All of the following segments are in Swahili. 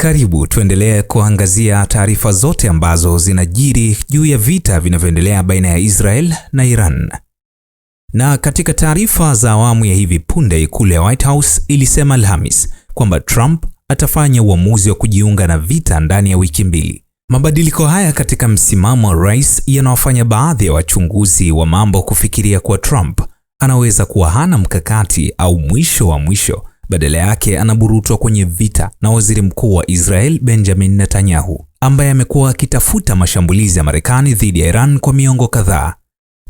Karibu tuendelee kuangazia taarifa zote ambazo zinajiri juu ya vita vinavyoendelea baina ya Israel na Iran. Na katika taarifa za awamu ya hivi punde, ikulu ya White House ilisema Alhamis kwamba Trump atafanya uamuzi wa kujiunga na vita ndani ya wiki mbili. Mabadiliko haya katika msimamo wa rais yanawafanya baadhi ya wachunguzi wa mambo kufikiria kuwa Trump anaweza kuwa hana mkakati au mwisho wa mwisho badala yake anaburutwa kwenye vita na waziri mkuu wa Israel Benjamin Netanyahu ambaye amekuwa akitafuta mashambulizi ya Marekani dhidi ya Iran kwa miongo kadhaa.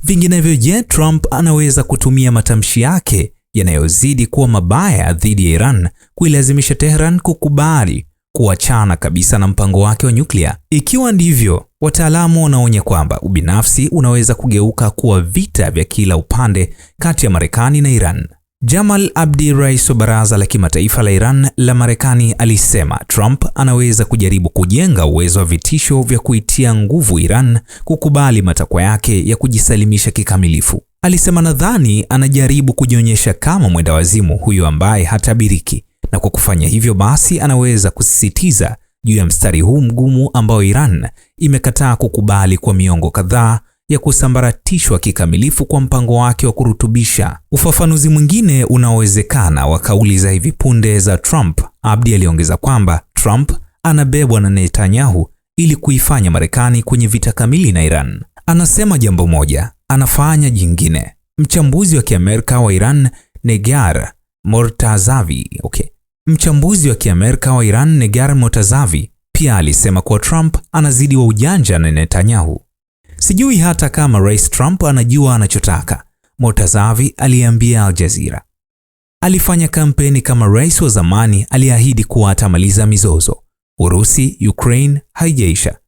Vinginevyo, je, Trump anaweza kutumia matamshi yake yanayozidi kuwa mabaya dhidi ya Iran kuilazimisha Tehran kukubali kuachana kabisa na mpango wake wa nyuklia? Ikiwa ndivyo, wataalamu wanaonya kwamba ubinafsi unaweza kugeuka kuwa vita vya kila upande kati ya Marekani na Iran. Jamal Abdi, rais wa Baraza la Kimataifa la Iran la Marekani, alisema Trump anaweza kujaribu kujenga uwezo wa vitisho vya kuitia nguvu Iran kukubali matakwa yake ya kujisalimisha kikamilifu. Alisema, nadhani anajaribu kujionyesha kama mwenda wazimu huyo ambaye hatabiriki, na kwa kufanya hivyo basi anaweza kusisitiza juu ya mstari huu mgumu ambao Iran imekataa kukubali kwa miongo kadhaa ya kusambaratishwa kikamilifu kwa mpango wake wa kurutubisha. Ufafanuzi mwingine unaowezekana wa kauli za hivi punde za Trump, Abdi aliongeza kwamba Trump anabebwa na Netanyahu ili kuifanya Marekani kwenye vita kamili na Iran. Anasema jambo moja, anafanya jingine. Mchambuzi wa Kiamerika wa Iran Negar Mortazavi, okay. Mchambuzi wa Kiamerika wa Iran Negar Mortazavi pia alisema kuwa Trump anazidi wa ujanja na Netanyahu. Sijui hata kama Rais Trump anajua anachotaka, Motazavi aliambia Al Jazeera. Alifanya kampeni kama rais wa zamani aliahidi kuwa atamaliza mizozo. Urusi Ukraine haijaisha,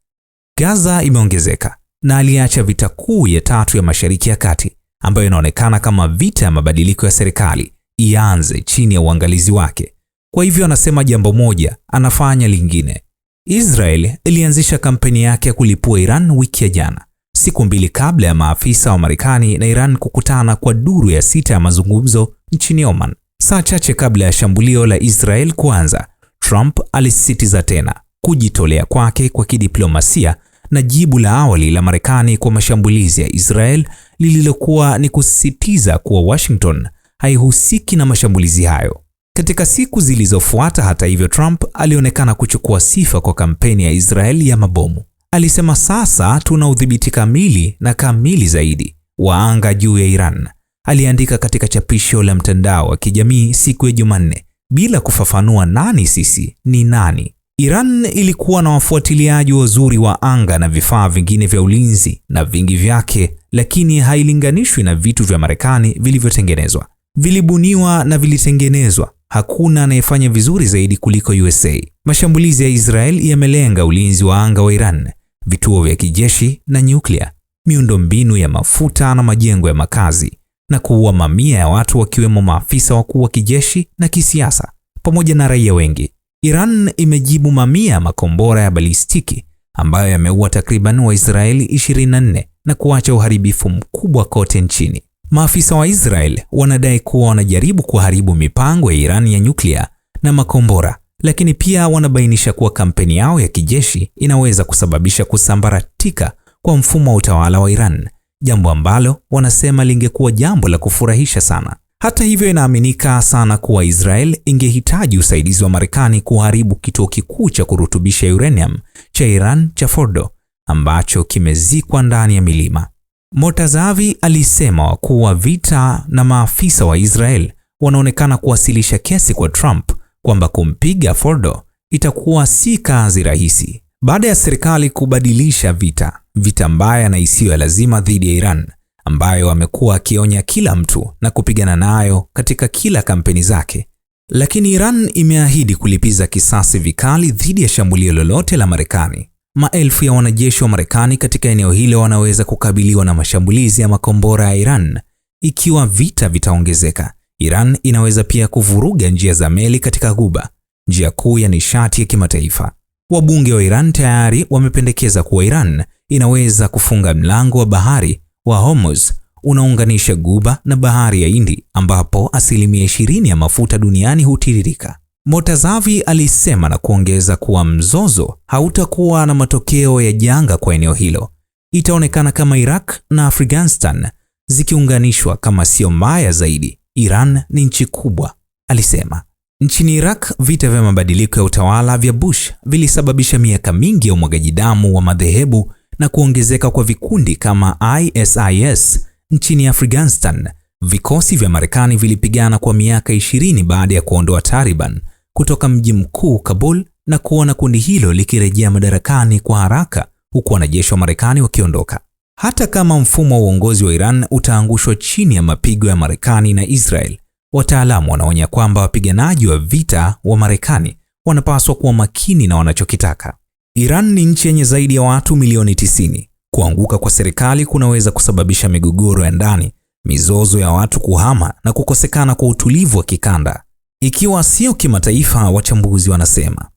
Gaza imeongezeka, na aliacha vita kuu ya tatu ya Mashariki ya Kati ambayo inaonekana kama vita ya mabadiliko ya serikali ianze chini ya uangalizi wake. Kwa hivyo anasema jambo moja, anafanya lingine. Israel ilianzisha kampeni yake ya kulipua Iran wiki ya jana siku mbili kabla ya maafisa wa Marekani na Iran kukutana kwa duru ya sita ya mazungumzo nchini Oman. Saa chache kabla ya shambulio la Israel kuanza, Trump alisisitiza tena kujitolea kwake kwa kidiplomasia na jibu la awali la Marekani kwa mashambulizi ya Israel lililokuwa ni kusisitiza kuwa Washington haihusiki na mashambulizi hayo. Katika siku zilizofuata, hata hivyo, Trump alionekana kuchukua sifa kwa kampeni ya Israel ya mabomu. Alisema sasa tuna udhibiti kamili na kamili zaidi wa anga juu ya Iran, aliandika katika chapisho la mtandao wa kijamii siku ya Jumanne, bila kufafanua nani sisi ni nani. Iran ilikuwa na wafuatiliaji wazuri wa anga na vifaa vingine vya ulinzi na vingi vyake, lakini hailinganishwi na vitu vya Marekani vilivyotengenezwa, vilibuniwa na vilitengenezwa. Hakuna anayefanya vizuri zaidi kuliko USA. Mashambulizi ya Israel yamelenga ulinzi wa anga wa Iran vituo vya kijeshi na nyuklia, miundombinu ya mafuta na majengo ya makazi, na kuua mamia ya watu wakiwemo maafisa wakuu wa kijeshi na kisiasa pamoja na raia wengi. Iran imejibu mamia ya makombora ya balistiki ambayo yameua takriban Waisraeli 24 na kuacha uharibifu mkubwa kote nchini. Maafisa wa Israel wanadai kuwa wanajaribu kuharibu mipango ya Iran ya nyuklia na makombora lakini pia wanabainisha kuwa kampeni yao ya kijeshi inaweza kusababisha kusambaratika kwa mfumo wa utawala wa Iran, jambo ambalo wanasema lingekuwa jambo la kufurahisha sana. Hata hivyo, inaaminika sana kuwa Israel ingehitaji usaidizi wa Marekani kuharibu kituo kikuu cha kurutubisha uranium cha Iran cha Fordo ambacho kimezikwa ndani ya milima. Motazavi alisema kuwa vita na maafisa wa Israel wanaonekana kuwasilisha kesi kwa Trump kwamba kumpiga Fordo itakuwa si kazi rahisi. Baada ya serikali kubadilisha vita, vita mbaya na isiyo ya lazima dhidi ya Iran ambayo amekuwa akionya kila mtu na kupigana nayo katika kila kampeni zake, lakini Iran imeahidi kulipiza kisasi vikali dhidi ya shambulio lolote la Marekani. Maelfu ya wanajeshi wa Marekani katika eneo hilo wanaweza kukabiliwa na mashambulizi ya makombora ya Iran ikiwa vita vitaongezeka Iran inaweza pia kuvuruga njia za meli katika Ghuba, njia kuu ya nishati ya kimataifa. Wabunge wa Iran tayari wamependekeza kuwa Iran inaweza kufunga mlango wa bahari wa Hormuz unaounganisha Ghuba na bahari ya Hindi ambapo asilimia 20 ya mafuta duniani hutiririka. Motazavi alisema na kuongeza kuwa mzozo hautakuwa na matokeo ya janga kwa eneo hilo. Itaonekana kama Iraq na Afghanistan zikiunganishwa, kama sio mbaya zaidi. Iran ni nchi kubwa, alisema. Nchini Iraq, vita vya mabadiliko ya utawala vya Bush vilisababisha miaka mingi ya umwagaji damu wa madhehebu na kuongezeka kwa vikundi kama ISIS. Nchini Afghanistan, vikosi vya Marekani vilipigana kwa miaka 20 baada ya kuondoa Taliban kutoka mji mkuu Kabul na kuona kundi hilo likirejea madarakani kwa haraka huku wanajeshi wa Marekani wakiondoka. Hata kama mfumo wa uongozi wa Iran utaangushwa chini ya mapigo ya Marekani na Israel, wataalamu wanaonya kwamba wapiganaji wa vita wa Marekani wanapaswa kuwa makini na wanachokitaka. Iran ni nchi yenye zaidi ya watu milioni 90. Kuanguka kwa serikali kunaweza kusababisha migogoro ya ndani, mizozo ya watu kuhama na kukosekana kwa utulivu wa kikanda, ikiwa sio kimataifa, wachambuzi wanasema.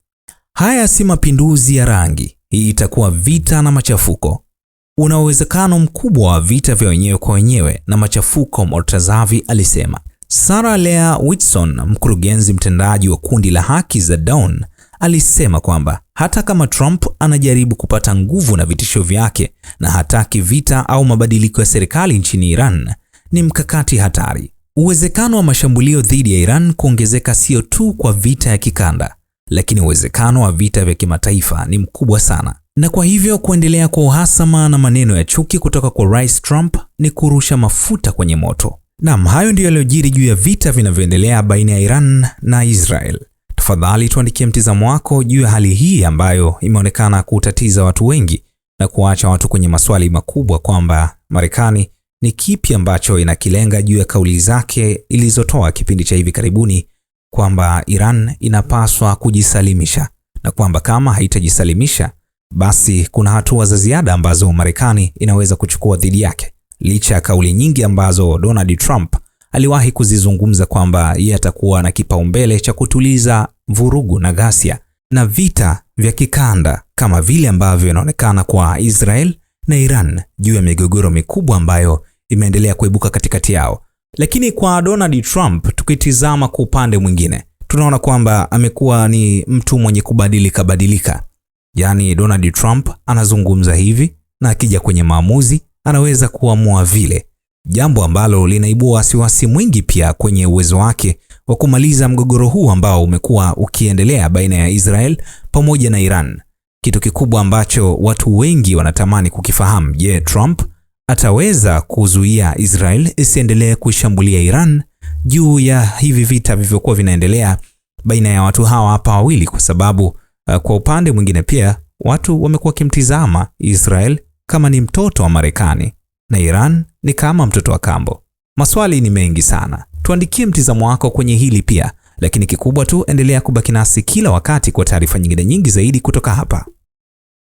Haya si mapinduzi ya rangi, hii itakuwa vita na machafuko una uwezekano mkubwa wa vita vya wenyewe kwa wenyewe na machafuko, mortazavi alisema. sara lea Whitson, mkurugenzi mtendaji wa kundi la haki za Dawn, alisema kwamba hata kama Trump anajaribu kupata nguvu na vitisho vyake na hataki vita au mabadiliko ya serikali nchini Iran, ni mkakati hatari. Uwezekano wa mashambulio dhidi ya Iran kuongezeka sio tu kwa vita ya kikanda, lakini uwezekano wa vita vya kimataifa ni mkubwa sana na kwa hivyo kuendelea kwa uhasama na maneno ya chuki kutoka kwa Rais Trump ni kurusha mafuta kwenye moto. Naam, hayo ndiyo yaliyojiri juu ya vita vinavyoendelea baina ya Iran na Israel. Tafadhali tuandikie mtizamo wako juu ya hali hii ambayo imeonekana kutatiza watu wengi na kuacha watu kwenye maswali makubwa kwamba Marekani ni kipi ambacho inakilenga juu ya kauli zake ilizotoa kipindi cha hivi karibuni kwamba Iran inapaswa kujisalimisha na kwamba kama haitajisalimisha basi kuna hatua za ziada ambazo Marekani inaweza kuchukua dhidi yake, licha ya kauli nyingi ambazo Donald Trump aliwahi kuzizungumza kwamba yeye atakuwa na kipaumbele cha kutuliza vurugu na ghasia na vita vya kikanda kama vile ambavyo inaonekana kwa Israel na Iran juu ya migogoro mikubwa ambayo imeendelea kuibuka katikati yao. Lakini kwa Donald Trump, tukitizama kwa upande mwingine, tunaona kwamba amekuwa ni mtu mwenye kubadilika badilika. Yaani Donald Trump anazungumza hivi na akija kwenye maamuzi anaweza kuamua vile, jambo ambalo linaibua wasiwasi mwingi pia kwenye uwezo wake wa kumaliza mgogoro huu ambao umekuwa ukiendelea baina ya Israel pamoja na Iran. Kitu kikubwa ambacho watu wengi wanatamani kukifahamu, je, Trump ataweza kuzuia Israel isiendelee kuishambulia Iran juu ya hivi vita vilivyokuwa vinaendelea baina ya watu hawa hapa wawili, kwa sababu Uh, kwa upande mwingine pia watu wamekuwa wakimtizama Israel kama ni mtoto wa Marekani na Iran ni kama mtoto wa kambo. Maswali ni mengi sana, tuandikie mtizamo wako kwenye hili pia, lakini kikubwa tu endelea kubaki nasi kila wakati kwa taarifa nyingine nyingi zaidi kutoka hapa.